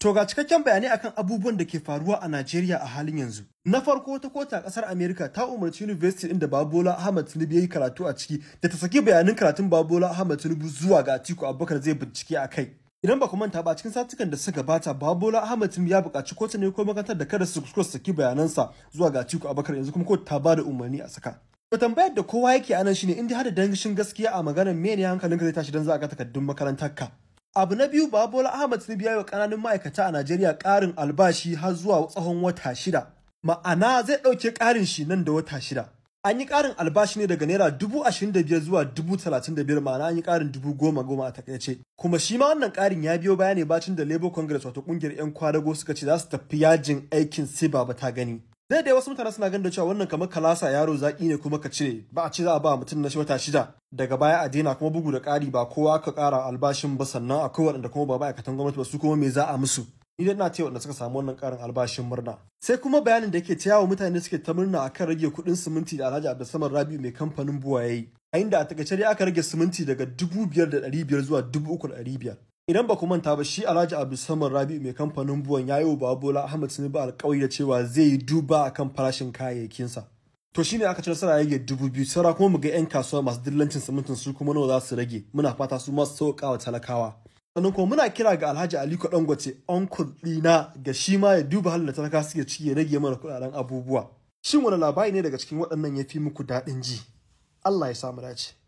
To ga cikakken bayanai akan abubuwan da ke faruwa a Najeriya a halin yanzu. Na farko ta kota a kasar Amerika ta umarci university inda da Babola Ahmad Tinubu yi karatu a ciki da ta saki bayanan karatun Babola Ahmad Tinubu zuwa ga Atiku Abubakar zai bincike a kai. Idan ba ku manta ba cikin satukan da suka gabata Babola Ahmad Tinubu ya buƙaci kotu ne ko makantar da kada su kuskure saki bayanansa zuwa ga Atiku Abubakar yanzu kuma kotu ta ba da umarni a saka. To tambayar da kowa yake anan shine in dai har da dangishin gaskiya a maganar me ne hankalinka zai tashi dan za a ga takaddun makarantarka. Abu na biyu ba Bola Ahmed Tinubu ya wa ƙananan ma'aikata a Najeriya ƙarin albashi har zuwa tsahon wata shida. Ma'ana zai ɗauke ƙarin shi nan da wata shida. An yi ƙarin albashi ne daga naira dubu ashirin da biyar zuwa dubu talatin da biyar ma'ana an yi ƙarin dubu goma goma a takaice. Kuma shi ma wannan ƙarin ya biyo baya ne bacin da Labour Congress wato ƙungiyar 'yan kwadago suka ce za su tafi yajin aikin sai ba ta gani. zai da wasu mutane suna ganin da cewa wannan kamar kalasa yaro zaki ne kuma ka cire ba a ce za a ba mutum na wata shida daga baya a daina kuma bugu da ƙari ba kowa ka ƙara albashin ba sannan akwai waɗanda kuma ba ma'aikatan gwamnati ba su kuma me za a musu idan na ce waɗanda suka samu wannan ƙarin albashin murna. Sai kuma bayanin da yake ta yawo mutane suke ta murna akan rage kuɗin siminti da Alhaji saman Rabi'u mai kamfanin buwa yayi. A inda a takaice dai aka rage siminti daga dubu biyar da ɗari biyar zuwa dubu idan ba ku manta ba shi alhaji abdulsamad Rabi mai kamfanin buwan ya yi wa babola ahmad tinubu alkawari da cewa zai yi duba akan farashin kayayyakinsa to shine aka ci nasara dubu biyu sara kuma mu ga yan kasuwa masu dillancin simintin su kuma nawa za su rage muna fata su masu saukawa wa talakawa sannan kuma muna kira ga alhaji aliko dangote onkul ɗina ga shi ma ya duba halin da talaka suke ciki ya rage mana kuɗaɗen abubuwa shin wani labari ne daga cikin waɗannan ya fi muku daɗin ji Allah ya samu dace